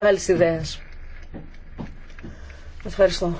μεγάλη ιδέα. Ευχαριστώ.